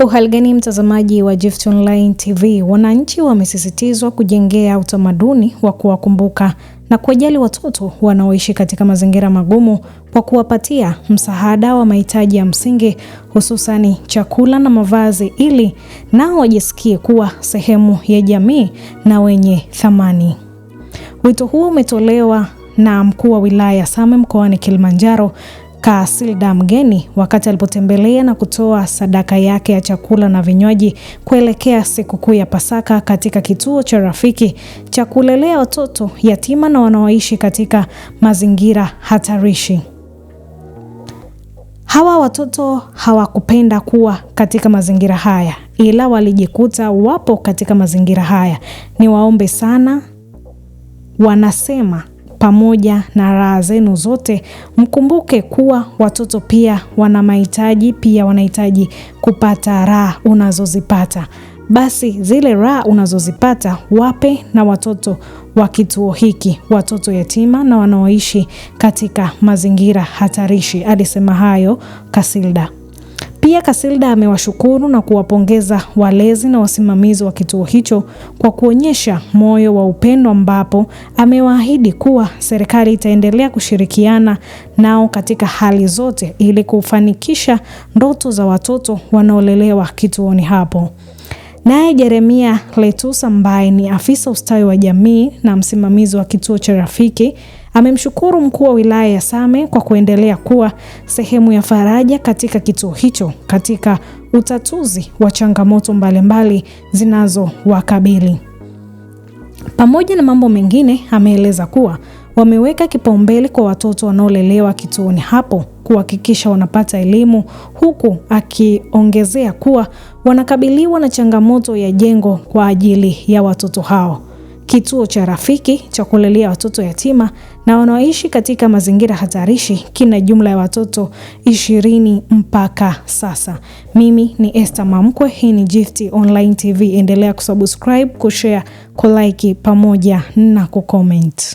Uhalgani mtazamaji wa Gift Online TV, wananchi wamesisitizwa kujengea utamaduni wa kuwakumbuka na kuwajali watoto wanaoishi katika mazingira magumu kwa kuwapatia msaada wa mahitaji ya msingi hususani chakula na mavazi ili nao wajisikie kuwa sehemu ya jamii na wenye thamani. Wito huo umetolewa na mkuu wa wilaya ya Same mkoani Kilimanjaro Kaasilda Mgeni wakati alipotembelea na kutoa sadaka yake ya chakula na vinywaji kuelekea sikukuu ya Pasaka katika kituo cha Rafiki cha kulelea watoto yatima na wanaoishi katika mazingira hatarishi. Hawa watoto hawakupenda kuwa katika mazingira haya, ila walijikuta wapo katika mazingira haya. Niwaombe sana, wanasema pamoja na raha zenu zote, mkumbuke kuwa watoto pia wana mahitaji, pia wanahitaji kupata raha unazozipata. Basi zile raha unazozipata wape na watoto wa kituo hiki, watoto yatima na wanaoishi katika mazingira hatarishi. Alisema hayo Kasilda. Pia Kasilda amewashukuru na kuwapongeza walezi na wasimamizi wa kituo hicho kwa kuonyesha moyo wa upendo, ambapo amewaahidi kuwa serikali itaendelea kushirikiana nao katika hali zote ili kufanikisha ndoto za watoto wanaolelewa kituoni hapo. Naye Jeremia Letus ambaye ni afisa ustawi wa jamii na msimamizi wa kituo cha Rafiki amemshukuru mkuu wa wilaya ya Same kwa kuendelea kuwa sehemu ya faraja katika kituo hicho katika utatuzi wa changamoto mbalimbali zinazowakabili. Pamoja na mambo mengine, ameeleza kuwa wameweka kipaumbele kwa watoto wanaolelewa kituoni hapo kuhakikisha wanapata elimu, huku akiongezea kuwa wanakabiliwa na changamoto ya jengo kwa ajili ya watoto hao. Kituo cha Rafiki cha kulelea watoto yatima na wanaoishi katika mazingira hatarishi kina jumla ya watoto ishirini mpaka sasa. Mimi ni Esther Mamkwe, hii ni Gift Online TV. Endelea kusubscribe, kushare, kulike pamoja na kucomment.